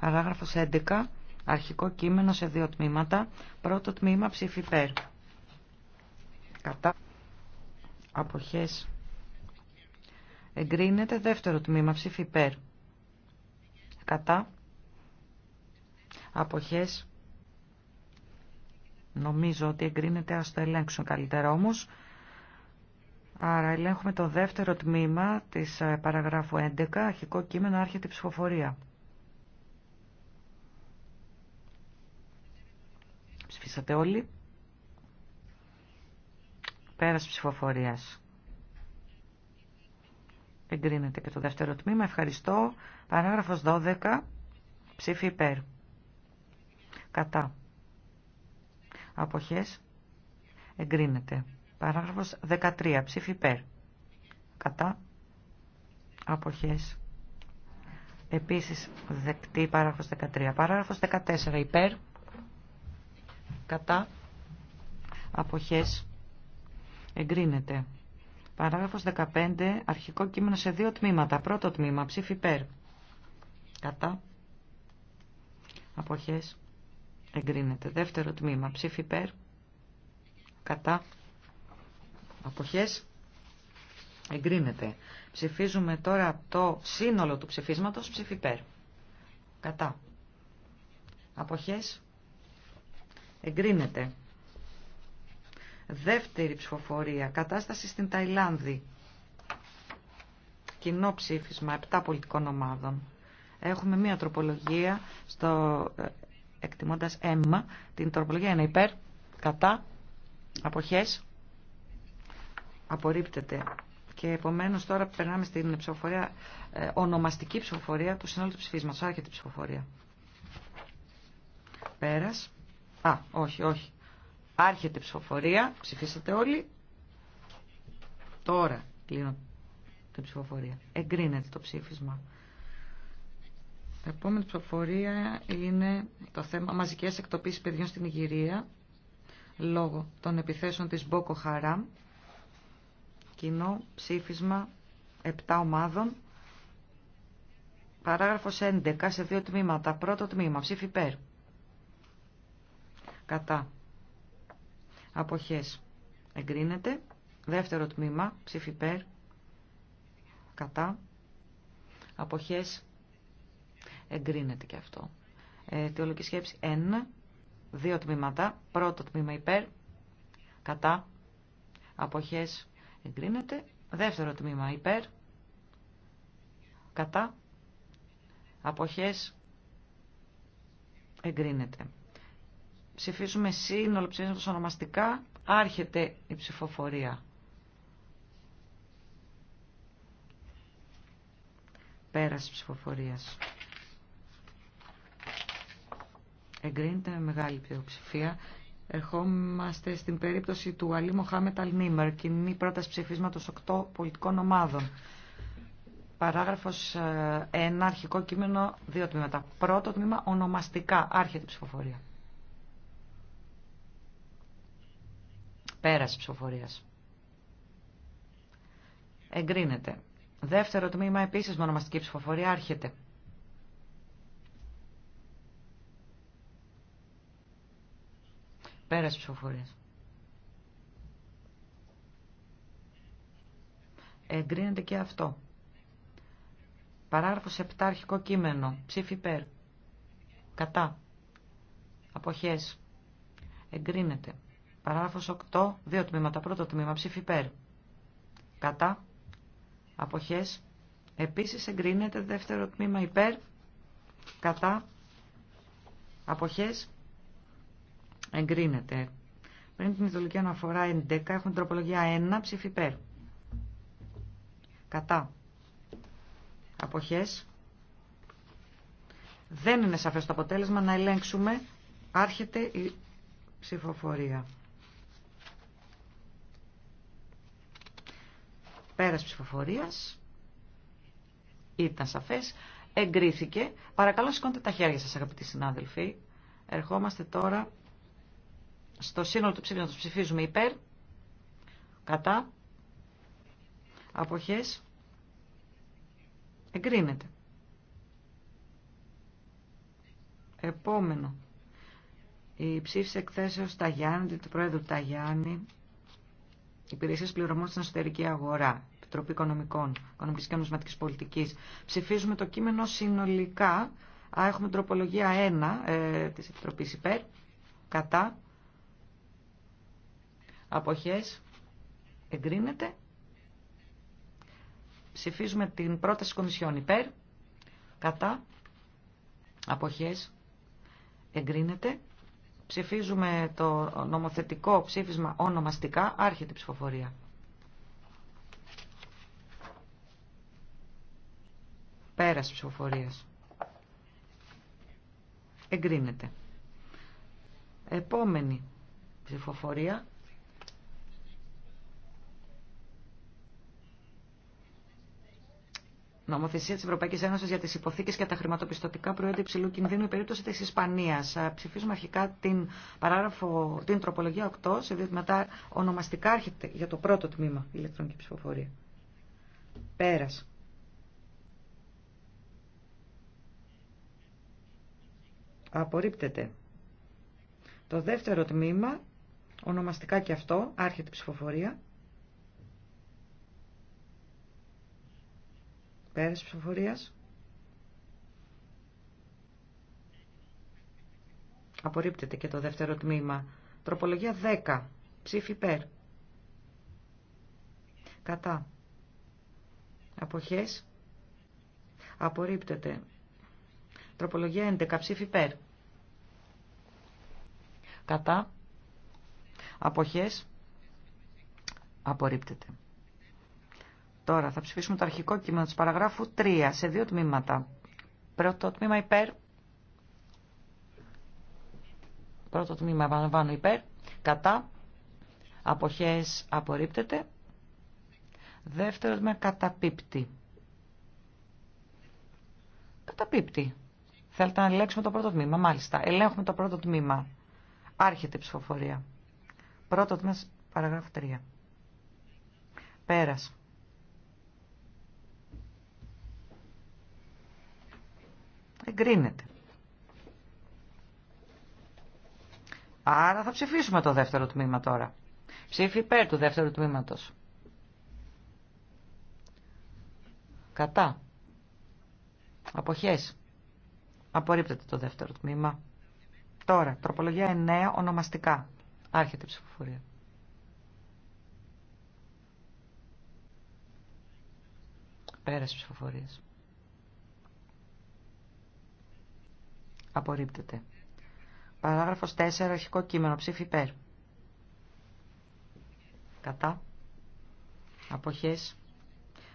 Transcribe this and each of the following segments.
Παράγραφος 11. Αρχικό κείμενο σε δύο τμήματα. Πρώτο τμήμα ψήφι Κατά. Αποχές. Εγκρίνεται δεύτερο τμήμα ψήφι Κατά. Αποχές. Νομίζω ότι εγκρίνεται, ας το ελέγξουν καλύτερα όμως. Άρα ελέγχουμε το δεύτερο τμήμα της ε, παραγράφου 11, αρχικό κείμενο άρχεται η ψηφοφορία. Ψηφίσατε όλοι. Πέρας ψηφοφορίας. Εγκρίνεται και το δεύτερο τμήμα. Ευχαριστώ. Παράγραφος 12. Ψήφι υπέρ. Κατά. Αποχές. Εγκρίνεται. Παράγραφος 13. Ψήφι υπέρ. Κατά. Αποχές. Επίσης δεκτή παράγραφος 13. Παράγραφος 14. Υπέρ κατά αποχές εγκρίνεται. Παράγραφος 15. Αρχικό κείμενο σε δύο τμήματα. Πρώτο τμήμα. Ψήφι ΠΕΡ. Κατά. Αποχές. Εγκρίνεται. Δεύτερο τμήμα. Ψήφι υπέρ. Κατά. Αποχές. Εγκρίνεται. Ψηφίζουμε τώρα το σύνολο του ψηφίσματος. Ψήφι υπέρ. Κατά. Αποχές. Εγκρίνεται. Δεύτερη ψηφοφορία. Κατάσταση στην Ταϊλάνδη. Κοινό ψήφισμα 7 πολιτικών ομάδων. Έχουμε μία τροπολογία στο ε, εκτιμώντας έμμα. Την τροπολογία είναι υπέρ, κατά, αποχές. Απορρίπτεται. Και επομένως τώρα περνάμε στην ψηφοφορία, ε, ονομαστική ψηφοφορία του συνόλου του ψηφίσματος. Άρχεται η ψηφοφορία. Πέρας. Α, όχι, όχι. Άρχεται ψηφοφορία. Ψηφίσατε όλοι. Τώρα κλείνω την ψηφοφορία. Εγκρίνεται το ψήφισμα. Επόμενη ψηφοφορία είναι το θέμα μαζικές εκτοπίσεις παιδιών στην Ιγυρία λόγω των επιθέσεων της Μπόκο Χαράμ. Κοινό ψήφισμα 7 ομάδων. Παράγραφος 11 σε δύο τμήματα. Πρώτο τμήμα ψήφι υπέρ κατά αποχές εγκρίνεται. Δεύτερο τμήμα, ψηφιπέρ κατά αποχές εγκρίνεται και αυτό. Ε, θεολογική σκέψη 1, δύο τμήματα, πρώτο τμήμα υπέρ, κατά αποχές εγκρίνεται. Δεύτερο τμήμα υπέρ, κατά αποχές εγκρίνεται. Ψηφίζουμε σύνολο ψηφίσματος ονομαστικά. Άρχεται η ψηφοφορία. Πέραση ψηφοφορίας. Εγκρίνεται με μεγάλη πλειοψηφία. Ερχόμαστε στην περίπτωση του Αλή Μοχάμετ Αλνίμερ, κοινή πρόταση ψηφίσματος 8 πολιτικών ομάδων. Παράγραφος 1, ε, αρχικό κείμενο, δύο τμήματα. Πρώτο τμήμα, ονομαστικά, άρχεται η ψηφοφορία. Πέρας ψηφοφορίας. Εγκρίνεται. Δεύτερο τμήμα επίσης με ονομαστική ψηφοφορία άρχεται. Πέραση ψηφοφορίας. Εγκρίνεται και αυτό. Παράγραφος 7 αρχικό κείμενο. Ψήφι Κατά. Αποχές. Εγκρίνεται. Παράγραφος 8, δύο τμήματα. Πρώτο τμήμα, ψήφι υπέρ. Κατά. Αποχές. Επίσης εγκρίνεται δεύτερο τμήμα υπέρ. Κατά. Αποχές. Εγκρίνεται. Πριν την ειδωλική αναφορά 11, έχουμε τροπολογία 1, ψήφι υπέρ. Κατά. Αποχές. Δεν είναι σαφές το αποτέλεσμα να ελέγξουμε. Άρχεται η ψηφοφορία. Πέρας ψηφοφορίας. Ήταν σαφές. Εγκρίθηκε. Παρακαλώ σηκώντε τα χέρια σας αγαπητοί συνάδελφοι. Ερχόμαστε τώρα στο σύνολο του ψήφου να τους ψηφίζουμε υπέρ, κατά, αποχές, εγκρίνεται. Επόμενο. Η ψήφιση εκθέσεω Ταγιάννη, του Πρόεδρου Ταγιάννη, υπηρεσίε πληρωμών στην εσωτερική αγορά. Επιτροπή Οικονομικών, Οικονομική και Νομισματική πολιτική. Ψηφίζουμε το κείμενο συνολικά. Α, έχουμε τροπολογία 1 ε, της Επιτροπής υπέρ, κατά, αποχές, εγκρίνεται. Ψηφίζουμε την πρόταση Κομισιόν υπέρ, κατά, αποχές, εγκρίνεται. Ψηφίζουμε το νομοθετικό ψήφισμα ονομαστικά, άρχεται η ψηφοφορία. Πέρας ψηφοφορίας. Εγκρίνεται. Επόμενη ψηφοφορία. Νομοθεσία τη Ευρωπαϊκή Ένωση για τι υποθήκες και τα χρηματοπιστωτικά προϊόντα υψηλού κινδύνου, η περίπτωση τη Ισπανία. Ψηφίζουμε αρχικά την, παράγραφο, την τροπολογία 8, σε μετά ονομαστικά έρχεται για το πρώτο τμήμα ηλεκτρονική ψηφοφορία. Πέρασε. Απορρίπτεται. Το δεύτερο τμήμα, ονομαστικά και αυτό, άρχεται ψηφοφορία. Πέρας ψηφοφορίας. Απορρίπτεται και το δεύτερο τμήμα. Τροπολογία 10. Ψήφι υπέρ. Κατά. Αποχές. Απορρίπτεται. Τροπολογία 11. Ψήφι υπέρ. Κατά. Αποχές. Απορρίπτεται. Τώρα θα ψηφίσουμε το αρχικό κείμενο της παραγράφου 3 σε δύο τμήματα. Πρώτο τμήμα υπέρ. Πρώτο τμήμα επαναλαμβάνω υπέρ. Κατά. Αποχές απορρίπτεται. Δεύτερο τμήμα καταπίπτει. Καταπίπτει. Θέλετε να ελέγξουμε το πρώτο τμήμα. Μάλιστα. Ελέγχουμε το πρώτο τμήμα. Άρχεται η ψηφοφορία. Πρώτο τμήμα παραγράφου 3. Πέρας. Εγκρίνεται. Άρα θα ψηφίσουμε το δεύτερο τμήμα τώρα. Ψήφι υπέρ του δεύτερου τμήματος. Κατά. Αποχές. Απορρίπτεται το δεύτερο τμήμα. Τώρα, τροπολογία 9 ονομαστικά. Άρχεται η ψηφοφορία. Πέρασε ψηφοφορία. Απορρίπτεται. Παράγραφος 4, αρχικό κείμενο, ψήφι υπέρ. Κατά. Αποχές.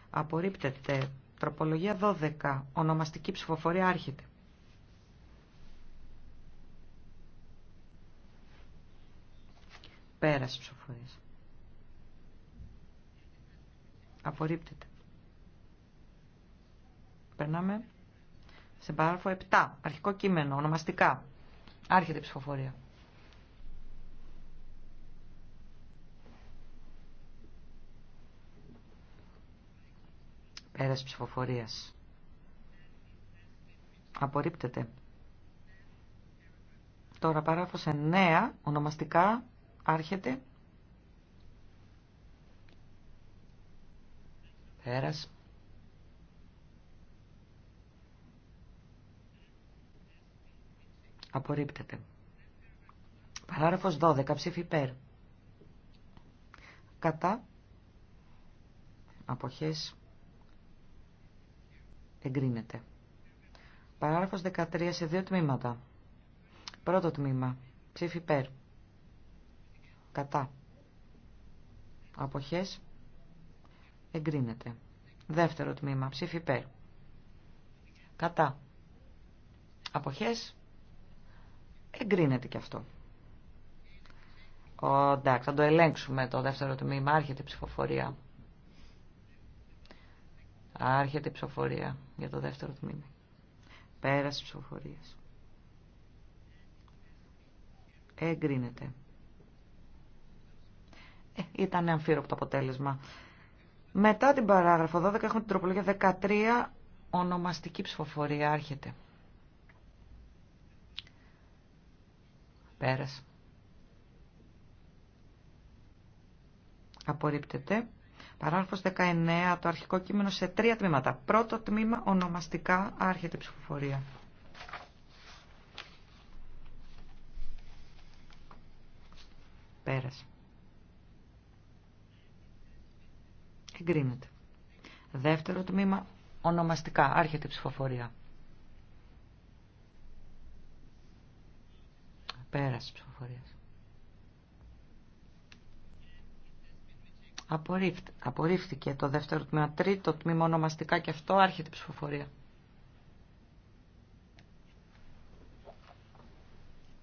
Απορρίπτεται. Τροπολογία 12, ονομαστική ψηφοφορία άρχεται. Πέρας ψηφοφορίας. Απορρίπτεται. Περνάμε σε παράγραφο 7. Αρχικό κείμενο, ονομαστικά. Άρχεται η ψηφοφορία. Πέρας ψηφοφορίας. Απορρίπτεται. Τώρα παράγραφος 9, ονομαστικά, Άρχεται. Πέρας. Απορρίπτεται. Παράγραφος 12. Ψήφι υπέρ. Κατά. Αποχές. Εγκρίνεται. Παράγραφος 13 σε δύο τμήματα. Πρώτο τμήμα. Ψήφι υπέρ. Κατά. Αποχές. Εγκρίνεται. Δεύτερο τμήμα. Ψήφι υπέρ. Κατά. Αποχές. Εγκρίνεται και αυτό. Ο, εντάξει, θα το ελέγξουμε το δεύτερο τμήμα. Άρχεται η ψηφοφορία. Άρχεται η ψηφοφορία για το δεύτερο τμήμα. Πέραση ψηφοφορίας. Εγκρίνεται ήταν αμφίροπτο αποτέλεσμα. Μετά την παράγραφο 12 έχουμε την τροπολογία 13, ονομαστική ψηφοφορία, άρχεται. Πέρασε. Απορρίπτεται. Παράγραφος 19, το αρχικό κείμενο σε τρία τμήματα. Πρώτο τμήμα, ονομαστικά, άρχεται ψηφοφορία. Πέρασε. Εγκρίνεται. Δεύτερο τμήμα ονομαστικά. Άρχεται η ψηφοφορία. Πέραση ψηφοφορία. Απορρίφθηκε το δεύτερο τμήμα. Τρίτο τμήμα ονομαστικά και αυτό άρχεται η ψηφοφορία.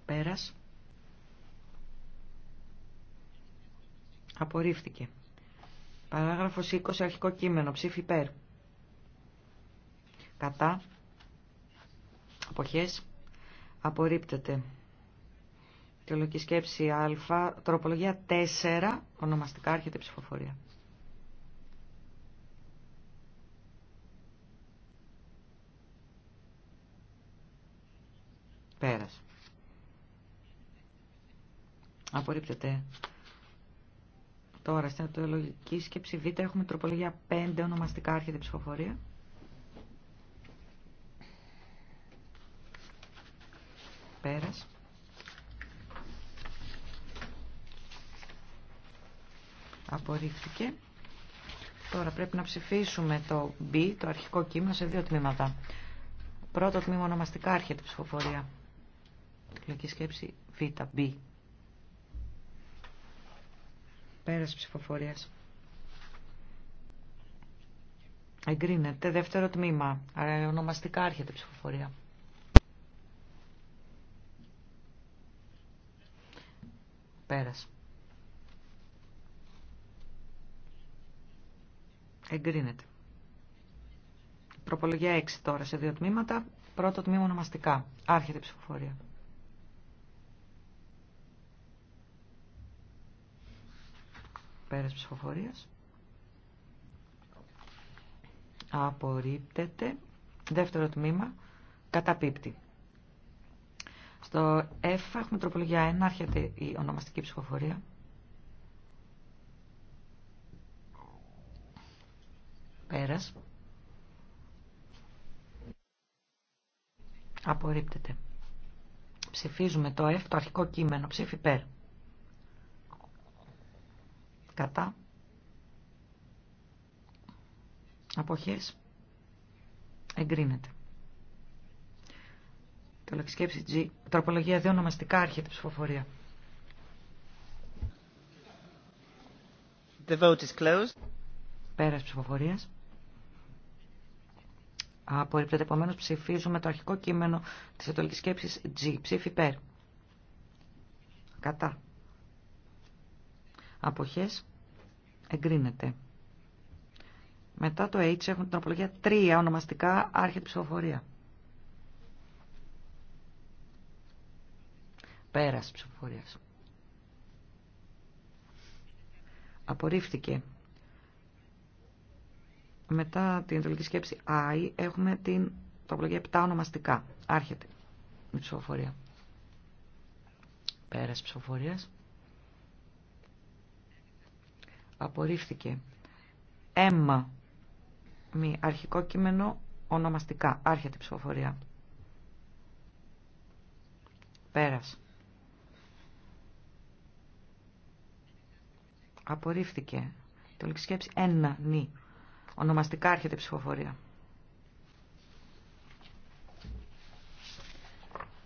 Πέρασε. Απορρίφθηκε. Παράγραφος 20 αρχικό κείμενο. Ψήφι υπέρ. Κατά. Αποχές. Απορρίπτεται. Τελική σκέψη α. Τροπολογία 4. Ονομαστικά έρχεται ψηφοφορία. Πέρας. Απορρίπτεται. Τώρα, στην ατολική σκέψη Β έχουμε τροπολογία 5 ονομαστικά άρχεται ψηφοφορία. Πέρας. Απορρίφθηκε. Τώρα πρέπει να ψηφίσουμε το B, το αρχικό κείμενο, σε δύο τμήματα. Πρώτο τμήμα ονομαστικά άρχεται ψηφοφορία. Εκλογική σκέψη Β, B. Πέρας ψηφοφορίας. Εγκρίνεται. Δεύτερο τμήμα. ονομαστικά άρχεται η ψηφοφορία. Πέρας. Εγκρίνεται. Προπολογία 6 τώρα σε δύο τμήματα. Πρώτο τμήμα ονομαστικά. Άρχεται η ψηφοφορία. Πέρας ψηφοφορίας. Απορρίπτεται. Δεύτερο τμήμα. Καταπίπτει. Στο F έχουμε τροπολογία 1. Άρχεται η ονομαστική ψηφοφορία. Πέρας. Απορρίπτεται. Ψηφίζουμε το F, το αρχικό κείμενο. Ψήφι πέρα. Κατά. Αποχές. Εγκρίνεται. Το G. Τροπολογία 2 ονομαστικά άρχεται ψηφοφορία. The vote is closed. Πέρας ψηφοφορίας. Απορρίπτεται επομένως ψηφίζουμε το αρχικό κείμενο της ετολικής σκέψης G. Ψήφι ΠΕΡ. Κατά αποχές εγκρίνεται. Μετά το H έχουμε την απολογία 3 ονομαστικά άρχεται ψηφοφορία. Πέρας ψηφοφορίας. Απορρίφθηκε. Μετά την εντολική σκέψη I έχουμε την τροπολογία 7 ονομαστικά. Άρχεται η ψηφοφορία. Πέρας ψηφοφορίας απορρίφθηκε. Έμμα, μη αρχικό κείμενο, ονομαστικά, άρχεται ψηφοφορία. Πέρας. Απορρίφθηκε. Το σκέψη ένα νη. Ονομαστικά άρχεται ψηφοφορία.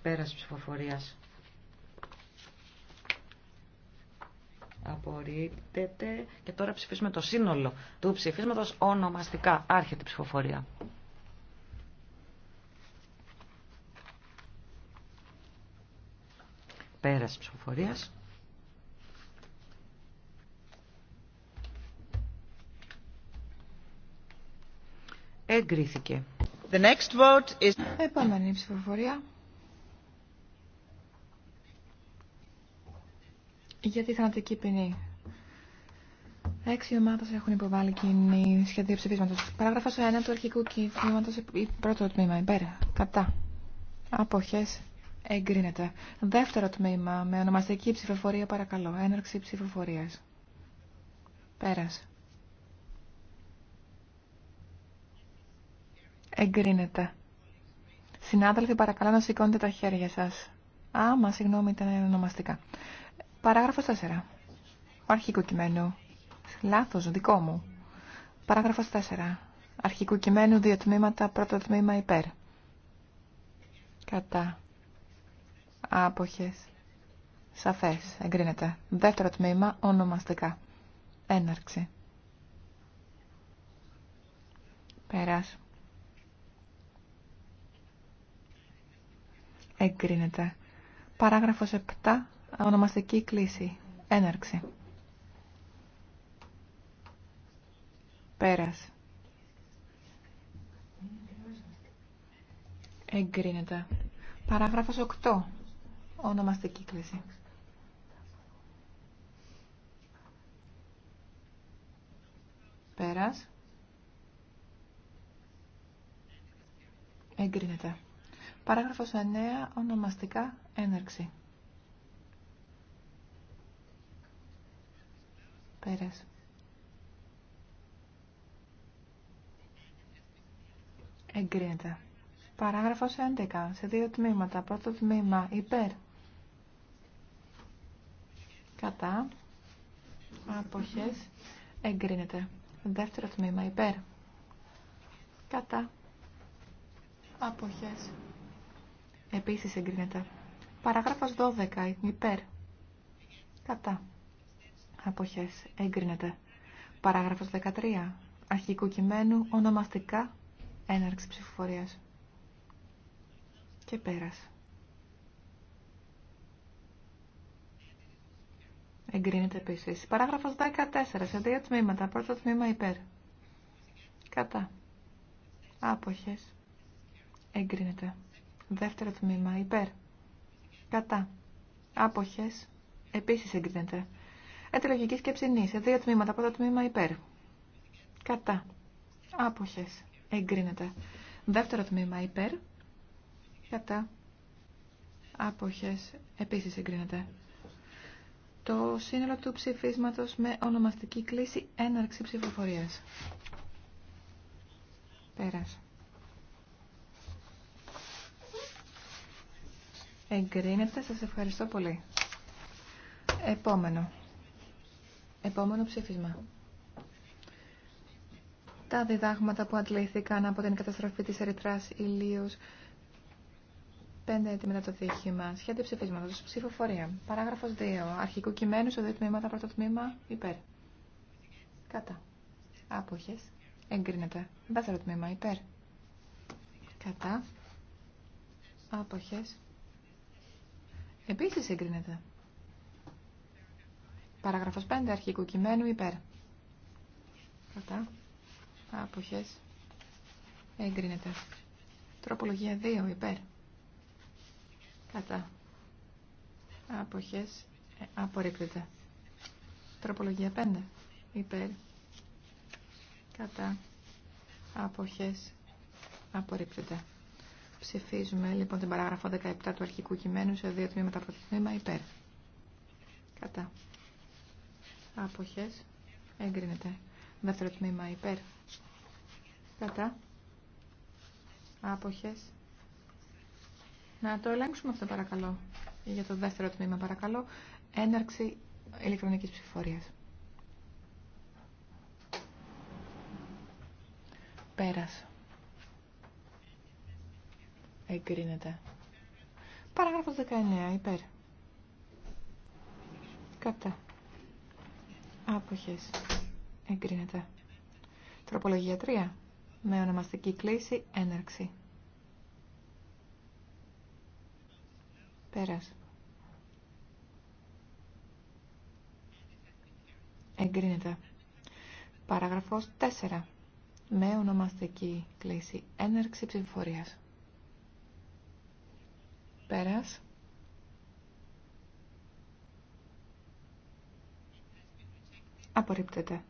Πέρας ψηφοφορίας. Απορρίπτεται. Και τώρα ψηφίσουμε το σύνολο του ψηφίσματος ονομαστικά. Άρχεται η ψηφοφορία. Πέραση ψηφοφορίας. Εγκρίθηκε. The next vote is... Επόμενη ψηφοφορία. για τη θανατική ποινή. Έξι ομάδε έχουν υποβάλει κοινή σχεδία ψηφίσματο. Παράγραφο 1 του αρχικού κείμενο. πρώτο τμήμα, υπέρ. Κατά. Αποχέ. Εγκρίνεται. Δεύτερο τμήμα, με ονομαστική ψηφοφορία, παρακαλώ. Έναρξη ψηφοφορία. Πέρασε. Εγκρίνεται. Συνάδελφοι, παρακαλώ να σηκώνετε τα χέρια σα. Α, μα συγγνώμη, ήταν ονομαστικά. Παράγραφος 4. Αρχικό κειμένο. Λάθος, δικό μου. Παράγραφος 4. Αρχικού κειμένου δύο τμήματα, πρώτο τμήμα υπέρ. Κατά. Άποχες. Σαφές, εγκρίνεται. Δεύτερο τμήμα, ονομαστικά. Έναρξη. Πέρας. Εγκρίνεται. Παράγραφος 7, ονομαστική κλίση. Έναρξη. Πέρας. Εγκρίνεται. Παράγραφος 8. Ονομαστική κλίση. Πέρας. Εγκρίνεται. Παράγραφος 9. Ονομαστικά έναρξη. Εγκρίνεται. Παράγραφος 11. Σε δύο τμήματα. Πρώτο τμήμα. Υπέρ. Κατά. Αποχές. Εγκρίνεται. Δεύτερο τμήμα. Υπέρ. Κατά. Αποχές. Επίσης εγκρίνεται. Παράγραφος 12. Υπέρ. Κατά αποχές εγκρίνεται. Παράγραφος 13. Αρχικού κειμένου ονομαστικά έναρξη ψηφοφορίας. Και πέρας. Εγκρίνεται επίση. Παράγραφος 14. Σε δύο τμήματα. Πρώτο τμήμα υπέρ. Κατά. Άποχες. Εγκρίνεται. Δεύτερο τμήμα υπέρ. Κατά. Άποχες. Επίσης εγκρίνεται λογική σκέψη νη. Σε δύο τμήματα. Πρώτο τμήμα υπέρ. Κατά. Άποχε. Εγκρίνεται. Δεύτερο τμήμα υπέρ. Κατά. Άποχε. Επίσης εγκρίνεται. Το σύνολο του ψηφίσματος με ονομαστική κλίση έναρξη ψηφοφορία. Πέρασε. Εγκρίνεται. Σας ευχαριστώ πολύ. Επόμενο. Επόμενο ψήφισμα. Τα διδάγματα που αντλήθηκαν από την καταστροφή της Ερυθράς Ηλίου. πέντε έτη μετά το δίχημα. Σχέδιο ψηφίσματο. Ψηφοφορία. Παράγραφος 2. Αρχικού κειμένου σε δύο τμήματα. Πρώτο τμήμα υπέρ. Κατά. Αποχε. Εγκρίνεται. Δεύτερο τμήμα υπέρ. Κατά. Αποχε. Επίση εγκρίνεται. Παράγραφος 5 αρχικού κειμένου υπέρ. Κατά. Αποχές. Εγκρίνεται. Τροπολογία 2 υπέρ. Κατά. Αποχές. Ε, απορρίπτεται. Τροπολογία 5 υπέρ. Κατά. Αποχές. Απορρίπτεται. Ψηφίζουμε λοιπόν την παράγραφο 17 του αρχικού κειμένου σε δύο τμήματα από το τμήμα υπέρ. Κατά. Αποχές. Εγκρίνεται. Δεύτερο τμήμα υπέρ. Κατά. Άποχες. Να το ελέγξουμε αυτό παρακαλώ. Για το δεύτερο τμήμα παρακαλώ. Έναρξη ηλεκτρονικής ψηφορίας. Πέρας. Εγκρίνεται. Παράγραφος 19. Υπέρ. Κατά. Άποχες. Εγκρίνεται. Τροπολογία 3. Με ονομαστική κλίση έναρξη. Πέρας. Εγκρίνεται. Παραγραφός 4. Με ονομαστική κλίση έναρξη ψηφοφορίας. Πέρας. Απορρίπτεται.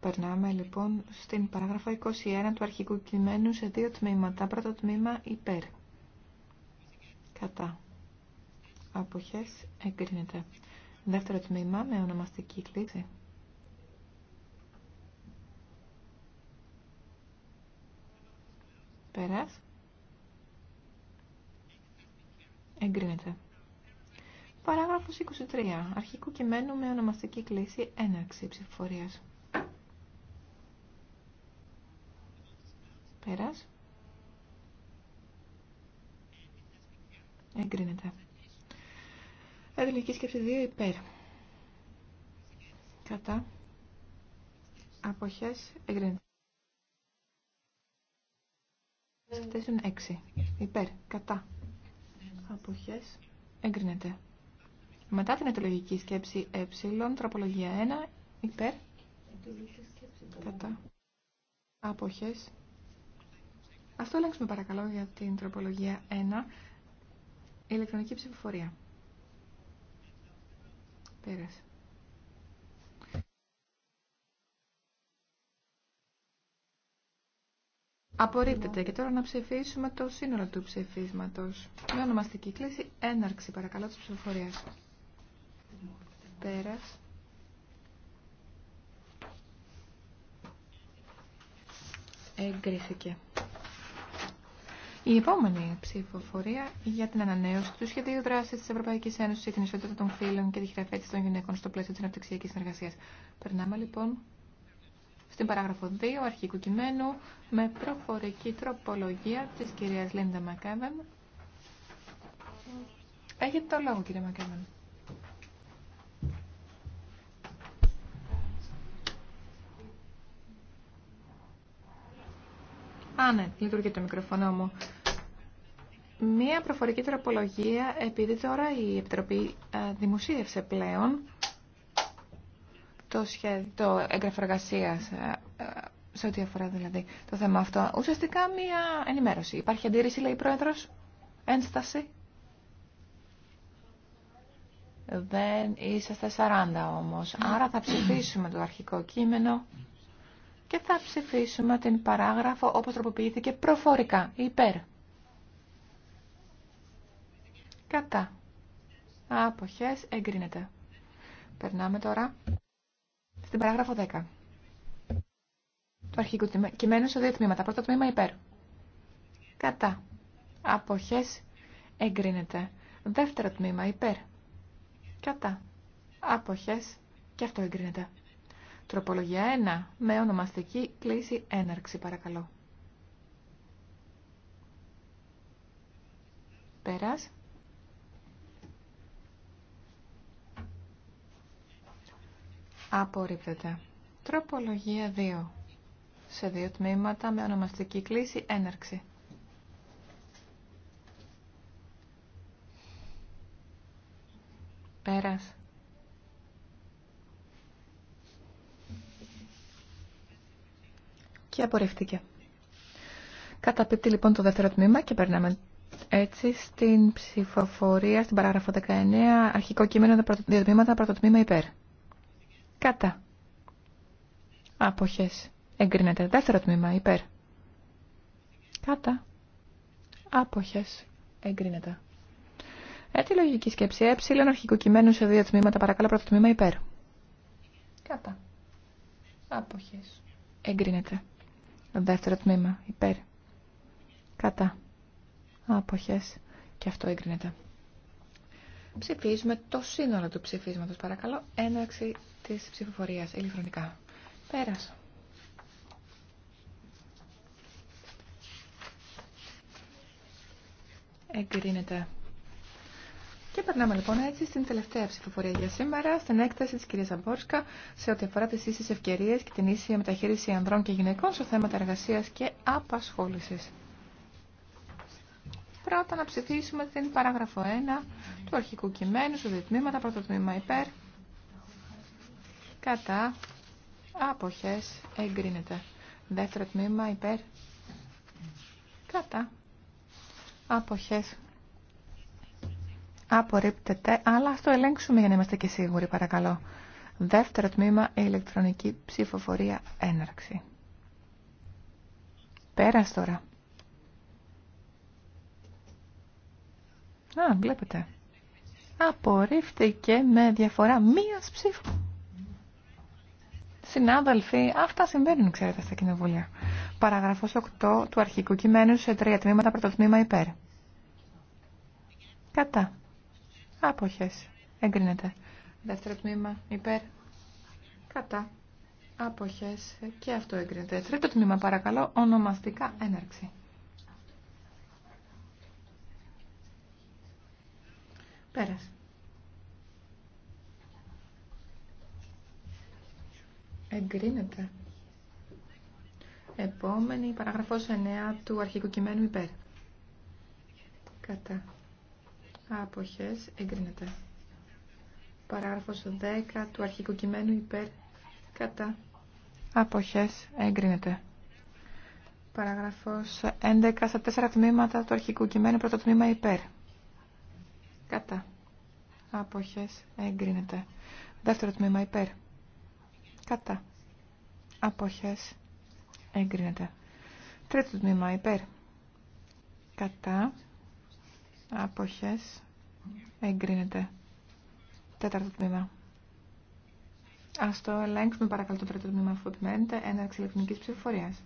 Περνάμε λοιπόν στην παράγραφο 21 του αρχικού κειμένου σε δύο τμήματα. Πρώτο τμήμα υπέρ. Κατά. Αποχές εγκρίνεται. Δεύτερο τμήμα με ονομαστική κλίση. Πέρας. Εγκρίνεται. Παράγραφος 23. Αρχικού κειμένου με ονομαστική κλίση έναρξη ψηφοφορία. Πέρας. Εγκρίνεται. Εδηλική σκέψη 2 υπέρ. Κατά. Αποχές εγκρίνεται. Σκέψη 6. Υπέρ. Κατά. Αποχές εγκρίνεται. Μετά την αιτιολογική σκέψη ε, τροπολογία 1, υπέρ, κατά, άποχες. Αυτό το παρακαλώ για την τροπολογία 1, ηλεκτρονική ψηφοφορία. Πέρασε. Απορρίπτεται και τώρα να ψηφίσουμε το σύνολο του ψηφίσματος. Με ονομαστική κλίση έναρξη παρακαλώ της ψηφοφορίας. Πέρας. Εγκρίθηκε. Η επόμενη ψηφοφορία για την ανανέωση του σχεδίου δράση τη Ευρωπαϊκή Ένωση για την ισότητα των φίλων και τη χειραφέτηση των γυναικών στο πλαίσιο τη αναπτυξιακή συνεργασία. Περνάμε λοιπόν στην παράγραφο 2 αρχικού κειμένου με προφορική τροπολογία τη κυρία Λίντα Μακέβεν. Έχετε το λόγο κύριε Μακάβεν. Πάνε, ναι, λειτουργεί το μικροφωνό μου. Μία προφορική τροπολογία, επειδή τώρα η Επιτροπή ε, δημοσίευσε πλέον το, σχέδιο, το έγγραφο εργασία ε, ε, σε ό,τι αφορά δηλαδή το θέμα αυτό. Ουσιαστικά μία ενημέρωση. Υπάρχει αντίρρηση, λέει η Πρόεδρος, ένσταση. Δεν είσαστε 40 όμως, άρα θα ψηφίσουμε το αρχικό κείμενο και θα ψηφίσουμε την παράγραφο όπως τροποποιήθηκε προφορικά, υπέρ. Κατά. Αποχές εγκρίνεται. Περνάμε τώρα στην παράγραφο 10. Το αρχικό κειμένο σε δύο τμήματα. Πρώτο τμήμα υπέρ. Κατά. Αποχές εγκρίνεται. Δεύτερο τμήμα υπέρ. Κατά. Αποχές και αυτό εγκρίνεται. Τροπολογία 1. Με ονομαστική κλίση έναρξη παρακαλώ. Πέρας. Απορρίπτεται. Τροπολογία 2. Σε δύο τμήματα με ονομαστική κλίση έναρξη. Πέρας. και απορρίφθηκε. Καταπίπτει λοιπόν το δεύτερο τμήμα και περνάμε έτσι στην ψηφοφορία στην παράγραφο 19 αρχικό κείμενο δύο τμήματα πρώτο τμήμα υπέρ. Κατά. Αποχές. Εγκρίνεται. Δεύτερο τμήμα υπέρ. Κατά. Άποχες. Εγκρίνεται. Έτσι λογική σκέψη. Ε αρχικού κειμένου σε δύο τμήματα. Παρακαλώ πρώτο τμήμα υπέρ. Κατά. Άποχες. Εγκρίνεται. Δεύτερο τμήμα. Υπέρ. Κατά. Αποχές. Και αυτό έγκρινεται. Ψηφίζουμε το σύνολο του ψηφίσματος, παρακαλώ. Έναρξη της ψηφοφορίας ηλεκτρονικά. Πέρασε. Εγκρίνεται. Και περνάμε λοιπόν έτσι στην τελευταία ψηφοφορία για σήμερα, στην έκταση τη κυρία Αμπόρσκα σε ό,τι αφορά τι ίσε ευκαιρίε και την ίσια μεταχείριση ανδρών και γυναικών σε θέματα εργασία και απασχόληση. Πρώτα να ψηφίσουμε την παράγραφο 1 του αρχικού κειμένου, σε δύο τμήματα. Πρώτο τμήμα υπέρ, κατά, αποχέ, εγκρίνεται. Δεύτερο τμήμα υπέρ, κατά, αποχέ, Απορρίπτεται, αλλά ας το ελέγξουμε για να είμαστε και σίγουροι, παρακαλώ. Δεύτερο τμήμα, ηλεκτρονική ψηφοφορία έναρξη. Πέρας τώρα. Α, βλέπετε. Απορρίφθηκε με διαφορά μίας ψήφου. Συνάδελφοι, αυτά συμβαίνουν, ξέρετε, στα κοινοβούλια. Παραγραφός 8 του αρχικού κειμένου σε τρία τμήματα, πρώτο τμήμα υπέρ. Κατά. Άποχες. Εγκρίνεται. Δεύτερο τμήμα υπέρ. Κατά. Άποχες. Και αυτό εγκρίνεται. Τρίτο τμήμα παρακαλώ. Ονομαστικά έναρξη. Πέρας. Εγκρίνεται. Επόμενη παραγραφός 9 του αρχικού κειμένου υπέρ. Κατά αποχές εγκρίνεται. Παράγραφος 10 του αρχικού κειμένου υπέρ κατά αποχές εγκρίνεται. Παράγραφος 11 στα τέσσερα τμήματα του αρχικού κειμένου πρώτο τμήμα υπέρ. Κατά. Αποχές εγκρίνεται. Δεύτερο τμήμα υπέρ. Κατά. Αποχές εγκρίνεται. Τρίτο τμήμα υπέρ. Κατά. Αποχές. Εγκρίνεται. Τέταρτο τμήμα. Ας το ελέγξουμε παρακαλώ το τρίτο τμήμα αφού επιμένετε. Έναρξη ηλεκτρονικής ψηφοφορίας.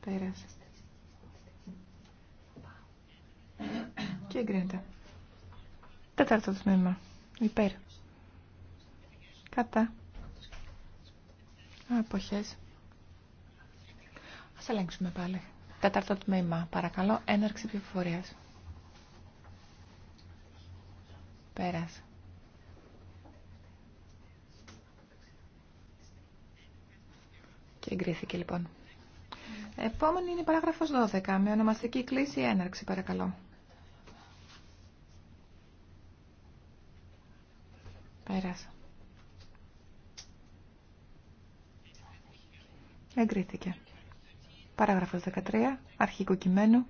Πέρασε. Και εγκρίνεται. Τέταρτο τμήμα. Υπέρ. Κατά. Αποχές. Ας ελέγξουμε πάλι. Τέταρτο τμήμα. Παρακαλώ, έναρξη πληροφορία. Πέρας. Και εγκρίθηκε λοιπόν. Επόμενη είναι η παράγραφος 12. Με ονομαστική κλίση έναρξη, παρακαλώ. Πέρασα. Εγκρίθηκε. Παράγραφος 13, αρχικό κειμένο.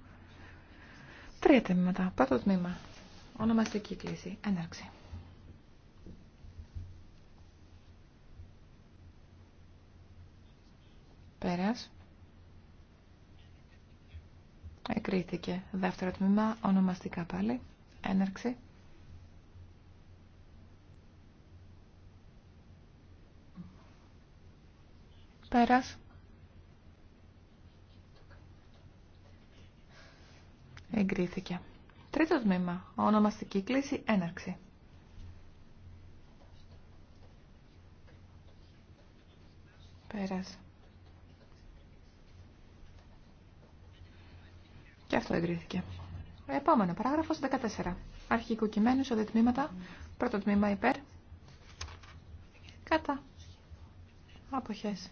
Τρία τμήματα. Πρώτο τμήμα. Ονομαστική κλίση. Έναρξη. Πέρας. Εκρίθηκε. Δεύτερο τμήμα. Ονομαστικά πάλι. Έναρξη. Πέρας. Εγκρίθηκε. Τρίτο τμήμα. Ονομαστική κλίση έναρξη. Πέρασε. Και αυτό εγκρίθηκε. Επόμενο παράγραφος 14. Αρχικού κειμένου σε Πρώτο τμήμα υπέρ. Κατά. Αποχές.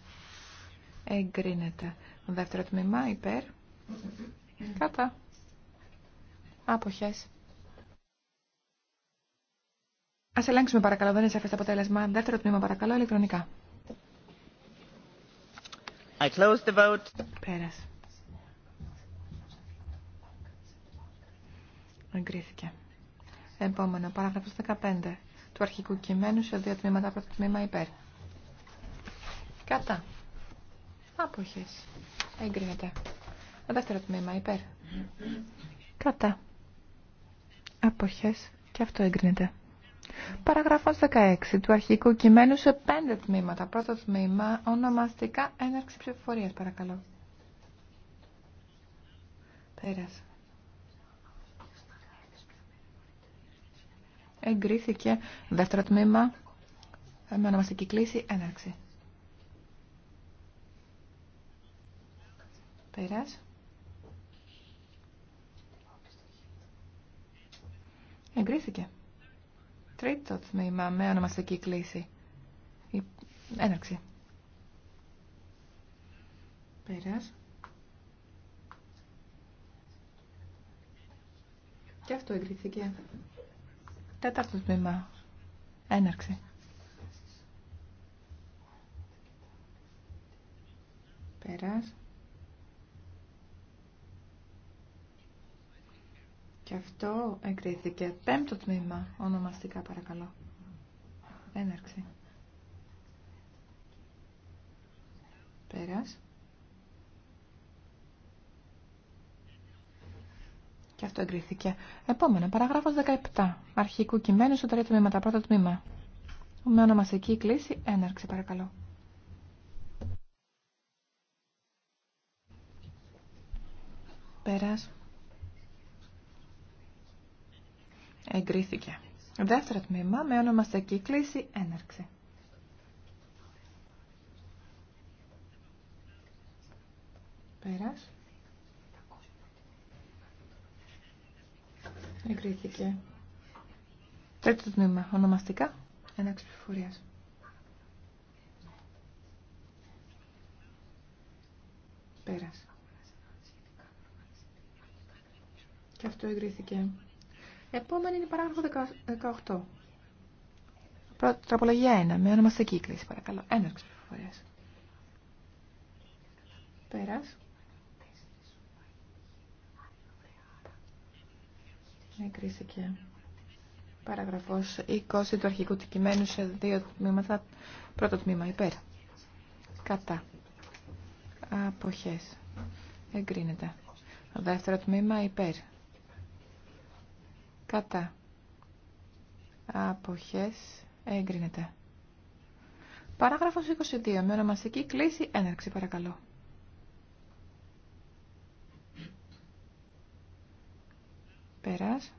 Εγκρίνεται. Δεύτερο τμήμα υπέρ. Κατά. Άποχες. Ας ελέγξουμε παρακαλώ, δεν είναι σαφές το αποτέλεσμα. Δεύτερο τμήμα παρακαλώ, ηλεκτρονικά. I close the vote. Εγκρίθηκε. Επόμενο, Παράγραφο 15 του αρχικού κειμένου σε δύο τμήματα, πρώτο τμήμα υπέρ. Κατά. Άποχες. Εγκρίνεται. Δεύτερο τμήμα υπέρ. Κατά. Αποχές. Και αυτό εγκρίνεται. Παραγραφός 16 του αρχικού κειμένου σε πέντε τμήματα. Πρώτο τμήμα, ονομαστικά έναρξη ψηφοφορία, παρακαλώ. Πέρασε. Εγκρίθηκε δεύτερο τμήμα ε, με ονομαστική κλίση έναρξη. Πέρασε. Εγκρίθηκε. Τρίτο τμήμα με ονομαστική κλίση. Η... Έναρξη. Πέρας. Και αυτό εγκρίθηκε. Τέταρτο τμήμα. Έναρξη. Πέρας. Και αυτό εγκρίθηκε. Πέμπτο τμήμα, ονομαστικά παρακαλώ. Έναρξη. Πέρας. Και αυτό εγκρίθηκε. Επόμενο, παραγράφος 17. Αρχικού κειμένου στο τρίτο τμήμα, τα πρώτα τμήμα. Με ονομαστική κλίση, έναρξη παρακαλώ. Πέρας. Εγκρίθηκε. Δεύτερο τμήμα με ονομαστική κλίση έναρξη. Πέρας. Εγκρίθηκε. Τρίτο τμήμα ονομαστικά έναρξη πληροφορίας. Πέρας. Και αυτό εγκρίθηκε. Επόμενη είναι η παράγραφο 18. Πρώτη, τραπολογία 1, με ονομαστική κλίση, παρακαλώ. Έναρξη πληροφορία. Πέρα. Ναι, και. Παραγραφός 20 του αρχικού του κειμένου σε δύο τμήματα. Πρώτο τμήμα υπέρ. Κατά. Αποχές. Εγκρίνεται. Δεύτερο τμήμα υπέρ κατά αποχές εγκρίνεται. Παράγραφος 22. Με ονομαστική κλίση έναρξη παρακαλώ. Πέρας.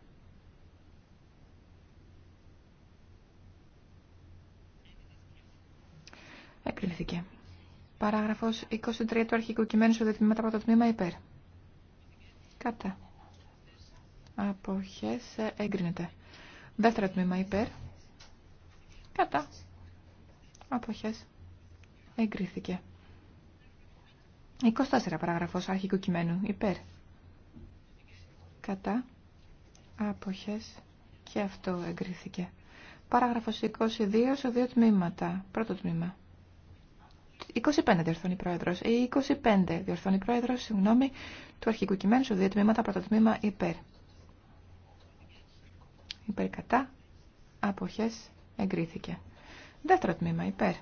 Εκκριθήκε. Παράγραφος 23 του αρχικού κειμένου σου τμήματα από το τμήμα υπέρ. Κατά αποχές ε, εγκρίνεται. Δεύτερο τμήμα υπέρ, κατά, αποχές εγκρίθηκε. 24 παράγραφος αρχικού κειμένου υπέρ, κατά, αποχές και αυτό εγκρίθηκε. Παράγραφος 22 σε δύο τμήματα. Πρώτο τμήμα. 25 διορθώνει πρόεδρο. Ή 25 διορθώνει πρόεδρο, συγγνώμη, του αρχικού κειμένου σε δύο τμήματα. Πρώτο τμήμα υπέρ υπέρ κατά, αποχές εγκρίθηκε. Δεύτερο τμήμα υπέρ,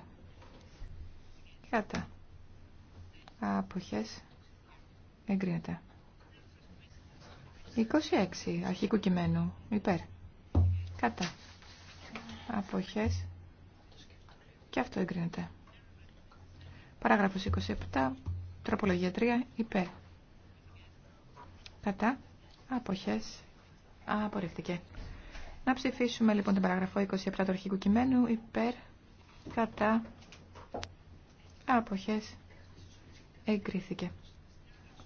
κατά, αποχές εγκρίνεται. 26 αρχικού κειμένου υπέρ, κατά, αποχές και αυτό εγκρίνεται. Παράγραφος 27, τροπολογία 3, υπέρ. Κατά, αποχές, απορρίφθηκε. Να ψηφίσουμε λοιπόν την παράγραφο 27 του αρχικού κειμένου υπέρ, κατά, αποχές, εγκρίθηκε.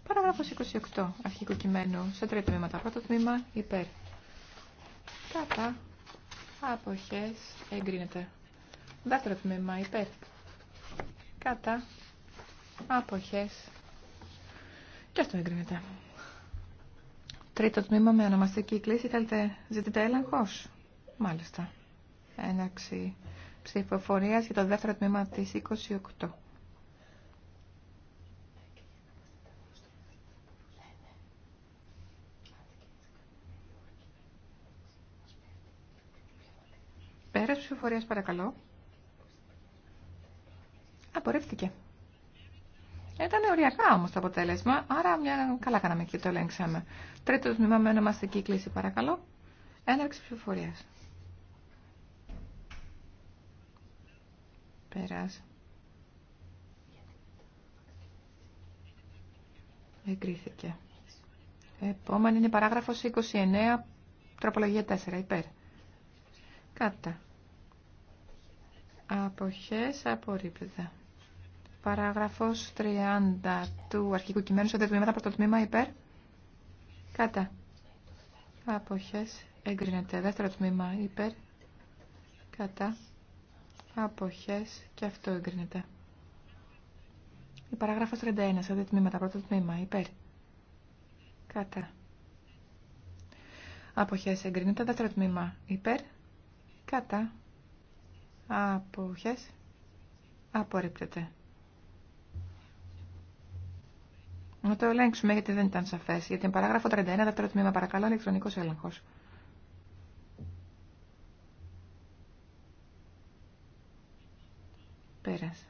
Παράγραφος 28 αρχικού κειμένου σε τρία τμήματα. Πρώτο τμήμα υπέρ, κατά, αποχές, εγκρίνεται. Δεύτερο τμήμα υπέρ, κατά, αποχές, και αυτό εγκρίνεται. Τρίτο τμήμα με ονομαστική κλίση. Θέλετε, ζητείτε έλεγχο. Μάλιστα. Έναρξη ψηφοφορία για το δεύτερο τμήμα τη 28. Πέρας ψηφοφορία, παρακαλώ. Απορρίφθηκε διορθωριακά όμως το αποτέλεσμα, άρα μια... καλά κάναμε και το ελέγξαμε. Τρίτο τμήμα με ονομαστική κλίση παρακαλώ. Έναρξη ψηφοφορία. Πέρας. Εγκρίθηκε. Επόμενη είναι παράγραφος 29, τροπολογία 4, υπέρ. Κάτα. Αποχές απορρίπτεται. Παράγραφος 30 του αρχικού κειμένου σε τμήματα πρώτο τμήμα υπέρ. Κάτα. Αποχές. Εγκρίνεται. Δεύτερο τμήμα υπέρ. Κατά. Αποχές. Και αυτό εγκρίνεται. Η παράγραφος 31 σε δύο τμήματα πρώτο τμήμα υπέρ. Κατά. Αποχές. Εγκρίνεται. Δεύτερο τμήμα υπέρ. Κατά. Αποχές. Απορρίπτεται. Να το ελέγξουμε γιατί δεν ήταν σαφέ. Γιατί την παράγραφο 31, δεύτερο τμήμα, παρακαλώ, ηλεκτρονικό έλεγχο. Πέρασε.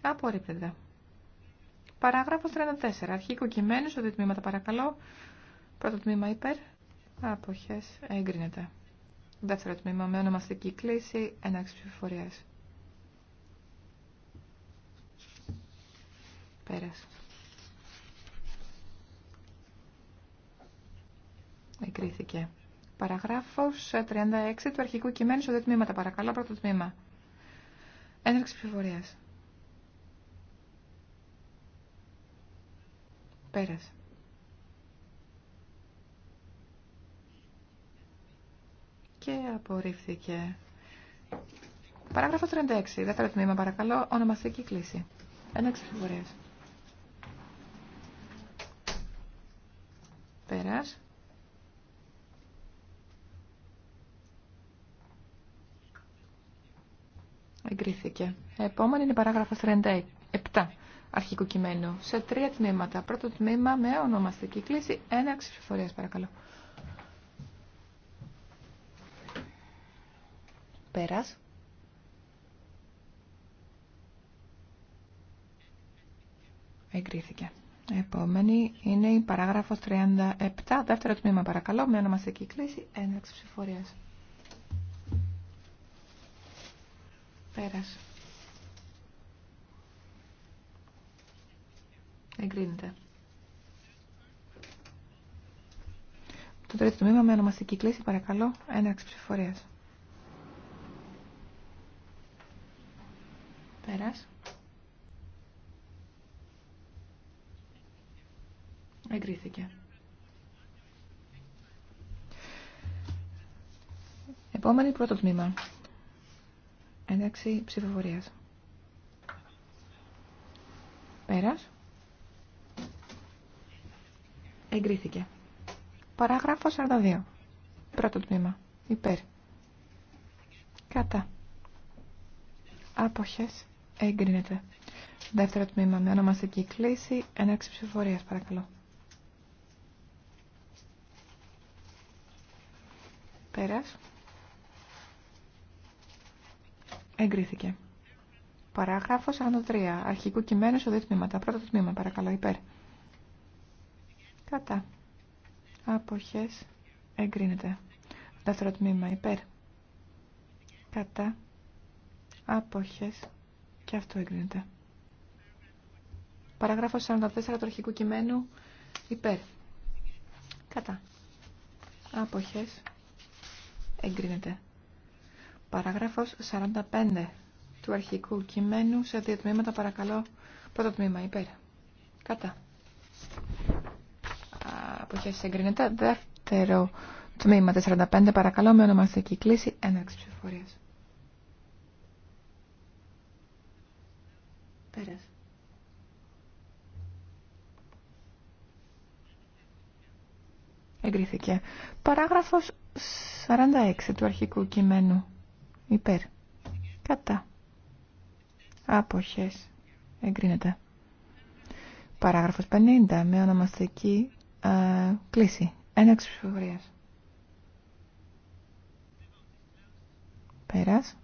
Απορρίπτεται. Παράγραφο 34. αρχή κοκκιμένου, στο τμήμα, τμήματα, παρακαλώ. Πρώτο τμήμα υπέρ. Αποχέ. Έγκρινεται. Δεύτερο τμήμα με ονομαστική κλίση έναρξη ψηφοφορία. Πέρας. Εγκρίθηκε. Παραγράφος 36 του αρχικού κειμένου σε δύο τμήματα. Παρακαλώ, πρώτο τμήμα. Έναρξη ψηφοφορίας. Πέρασε. Και απορρίφθηκε. Παράγραφο 36. Δεύτερο τμήμα, παρακαλώ. Ονομαστική κλίση. Ένα ψηφοφορίας. Πέρας. Εγκρίθηκε. Επόμενη είναι η παράγραφος 37 αρχικού κειμένου σε τρία τμήματα. Πρώτο τμήμα με ονομαστική κλίση, ένα ψηφοφορίας παρακαλώ. Πέρας. Εγκρίθηκε. Επόμενη είναι η παράγραφος 37, δεύτερο τμήμα παρακαλώ, με ονομαστική κλίση, έναρξη ψηφορίας. Πέρας. Εγκρίνεται. Το τρίτο τμήμα με ονομαστική κλίση, παρακαλώ, έναρξη ψηφορίας. Πέρας. Εγκρίθηκε. Επόμενη πρώτο τμήμα. Ένταξη ψηφοφορία. Πέρας. Εγκρίθηκε. Παράγραφο 42. Πρώτο τμήμα. Υπέρ. Κατά. Άποχες. Εγκρίνεται. Δεύτερο τμήμα. Με ονομαστική κλήση. Ένταξη ψηφοφορίας, παρακαλώ. Πέρας. Εγκρίθηκε. Παράγραφος 43. Αρχικού κειμένου σε δύο τμήματα. Πρώτο τμήμα, παρακαλώ, υπέρ. Κατά. Αποχές. Εγκρίνεται. Δεύτερο τμήμα, υπέρ. Κατά. Αποχές. Και αυτό εγκρίνεται. Παράγραφος 44 του αρχικού κειμένου, υπέρ. Κατά. Αποχές εγκρίνεται. Παράγραφος 45 του αρχικού κειμένου σε δύο τμήματα παρακαλώ. Πρώτο τμήμα υπέρ. Κατά. Αποχές εγκρίνεται. Δεύτερο τμήμα 45 παρακαλώ με ονομαστική κλίση έναρξη ψηφοφορίας. Πέρασε. Εγκρίθηκε. Παράγραφος 46 του αρχικού κειμένου. Υπέρ. Κατά. Άποχες. Εγκρίνεται. Παράγραφος 50 με ονομαστική α, κλίση. Ένα ψηφοφορίας. Πέρας.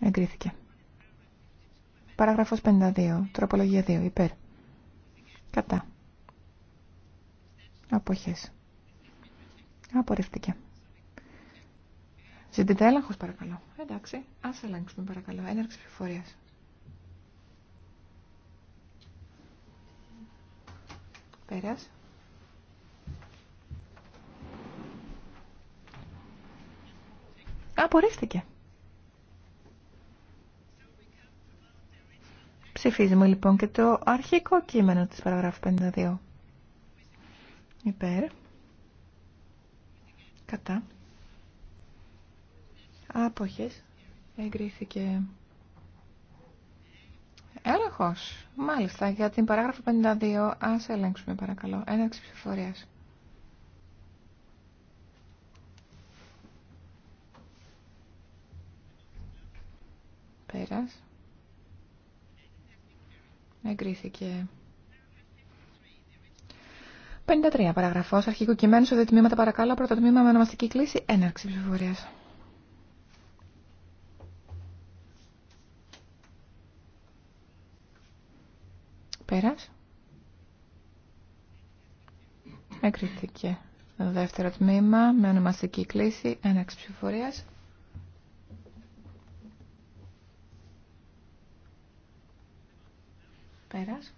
Εγκρίθηκε. Παράγραφος 52. Τροπολογία 2. Υπέρ. Κατά. Αποχές. Απορρίφθηκε. Ζητείτε έλεγχος παρακαλώ. Εντάξει, ας ελέγξουμε παρακαλώ. Έναρξη πληροφορίας. Πέρας. Απορρίφθηκε. Ψηφίζουμε λοιπόν και το αρχικό κείμενο της παραγράφου 52 υπέρ, κατά, άποχες, εγκρίθηκε έλεγχος, μάλιστα, για την παράγραφο 52, ας ελέγξουμε παρακαλώ, έναρξη ψηφοφορίας. Πέρας. Εγκρίθηκε. 53 παραγραφό. αρχικού κειμένου σε δύο τμήματα παρακαλώ. Πρώτο τμήμα με ονομαστική κλίση έναρξη ψηφοφορία. Πέρας. Εκριθήκε. Δεύτερο τμήμα με ονομαστική κλίση έναρξη ψηφοφορία. Πέρας.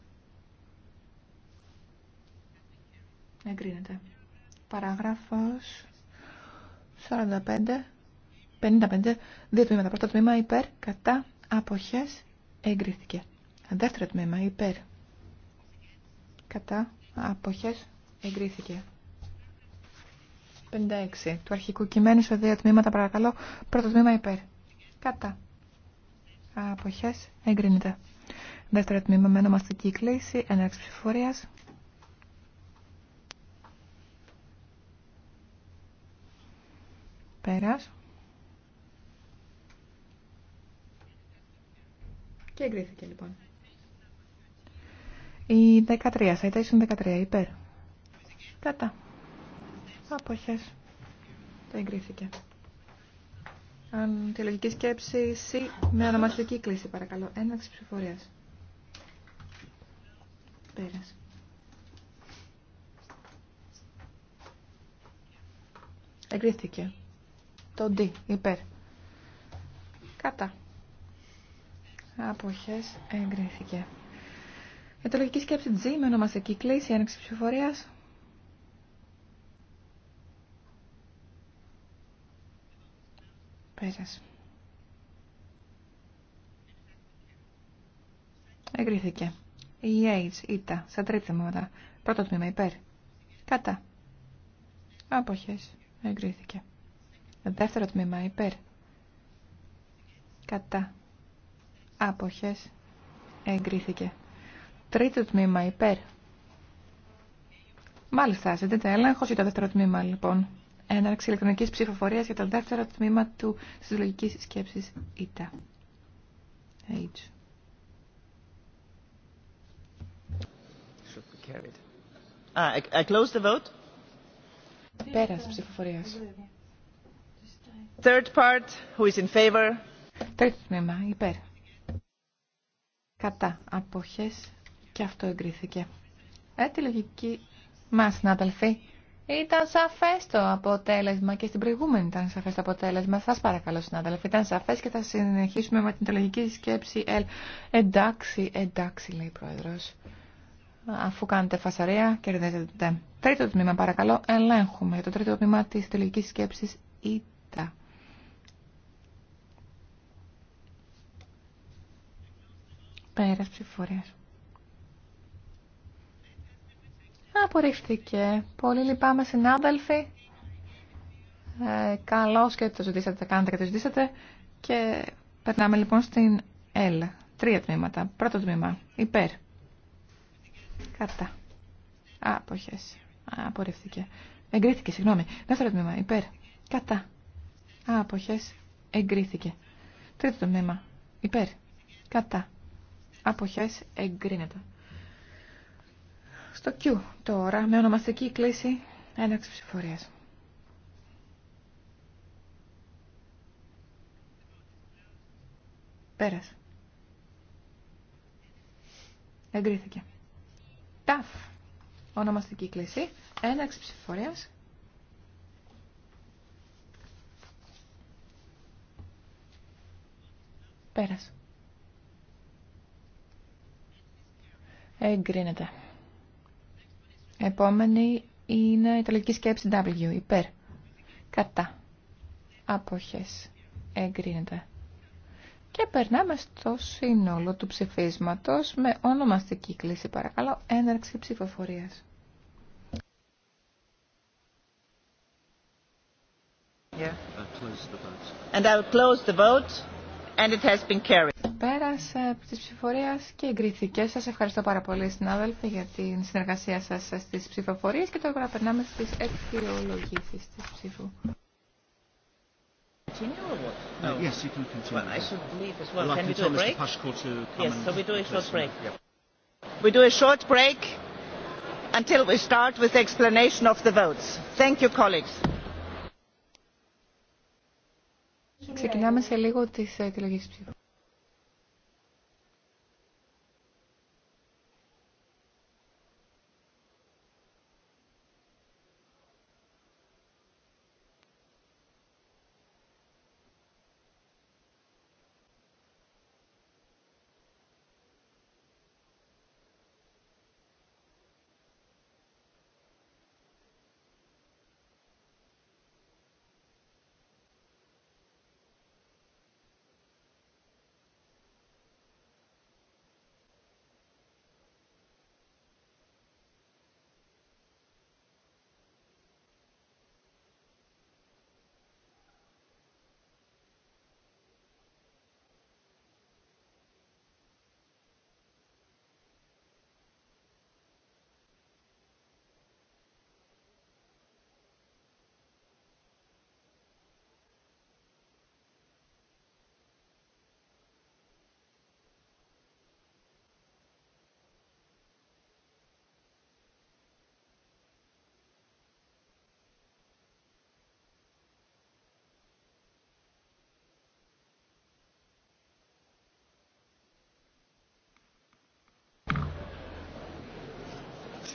Εγκρίνεται. Παράγραφος 45, 55, δύο τμήματα. Πρώτο τμήμα υπέρ, κατά, αποχές, εγκρίθηκε. Δεύτερο τμήμα υπέρ, κατά, αποχές, εγκρίθηκε. 56. Του αρχικού κειμένου σε δύο τμήματα παρακαλώ. Πρώτο τμήμα υπέρ. Κατά. Αποχές εγκρίνεται. Δεύτερο τμήμα με ονομαστική κλίση. Έναρξη ψηφορίας. Πέρας. Και εγκρίθηκε λοιπόν. Η 13, θα ήταν 13, υπέρ. Κατά. Αποχές. Το εγκρίθηκε. Αν τη λογική σκέψη, C, με ονομαστική κλίση παρακαλώ. Έναξη ψηφορίας. Πέρας. Εγκρίθηκε. Το D. Υπέρ. Κατά. Αποχέ. εγκρίθηκε. Ετολογική σκέψη G με ονομαστική κλίση άνοιξη ψηφοφορία. Πέρασε. Εγκρίθηκε. Η H, Ήττα. στα τρίτη μόδα. Πρώτο τμήμα υπέρ. Κατά. Αποχές. Εγκρίθηκε. Δεύτερο τμήμα υπέρ. Κατά. Άποχες. Εγκρίθηκε. Τρίτο τμήμα υπέρ. Μάλιστα, ζητείτε έλεγχο για το δεύτερο τμήμα λοιπόν. Έναρξη ηλεκτρονική ψηφοφορίας για το δεύτερο τμήμα του συλλογικής σκέψης ΙΤΑ. H. Ah, I, Πέρας ψηφοφορίας. Τρίτο τμήμα, υπέρ. Κατά αποχές και αυτό εγκρίθηκε. Ε, τη λογική μας, συνάδελφοι. Ήταν σαφέ το αποτέλεσμα και στην προηγούμενη ήταν σαφέ το αποτέλεσμα. Σα παρακαλώ, συνάδελφοι, ήταν σαφέ και θα συνεχίσουμε με την τελογική σκέψη Εντάξει, εντάξει, λέει ο πρόεδρο. Αφού κάνετε φασαρία, κερδίζετε. Τρίτο τμήμα, παρακαλώ, ελέγχουμε το τρίτο τμήμα τη τελογική σκέψη ήταν... Πέρας ψηφορίας. Απορρίφθηκε. Πολύ λυπάμαι συνάδελφοι. Ε, καλώς και το ζητήσατε, τα κάνετε και το ζητήσατε. Και περνάμε λοιπόν στην L. Τρία τμήματα. Πρώτο τμήμα. Υπέρ. Κατά. Αποχές. Απορρίφθηκε. Εγκρίθηκε, συγγνώμη. Δεύτερο τμήμα. Υπέρ. Κατά. Αποχές. Εγκρίθηκε. Τρίτο τμήμα. Υπέρ. Κατά αποχές εγκρίνεται. Στο Q τώρα με ονομαστική κλίση ένα ψηφορία. Πέρασε. Εγκρίθηκε. ΤΑΦ. Ονομαστική κλίση. Έναξη ψηφορίας. Πέρασε. Εγκρίνεται. Επόμενη είναι η τελική σκέψη W. Υπέρ. Κατά. Αποχές. Εγκρίνεται. Και περνάμε στο σύνολο του ψηφίσματος με ονομαστική κλίση παρακαλώ. Έναρξη ψηφοφορίας. Yeah. And I'll close the vote and it has been carried πέρας ε, της ψηφορίας και εγκρίθηκε. Σας ευχαριστώ πάρα πολύ συνάδελφοι για την συνεργασία σας ε, στις ψηφοφορίες και τώρα περνάμε στις εκφυολογήσεις της ψήφου. We do a short break until we start with the explanation of the votes. Thank you, colleagues. Ξεκινάμε σε λίγο τις εκλογές ψήφου.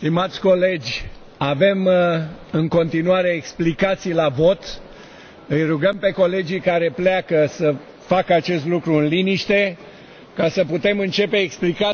Stimați colegi, avem în continuare explicații la vot. Îi rugăm pe colegii care pleacă să facă acest lucru în liniște ca să putem începe explicații.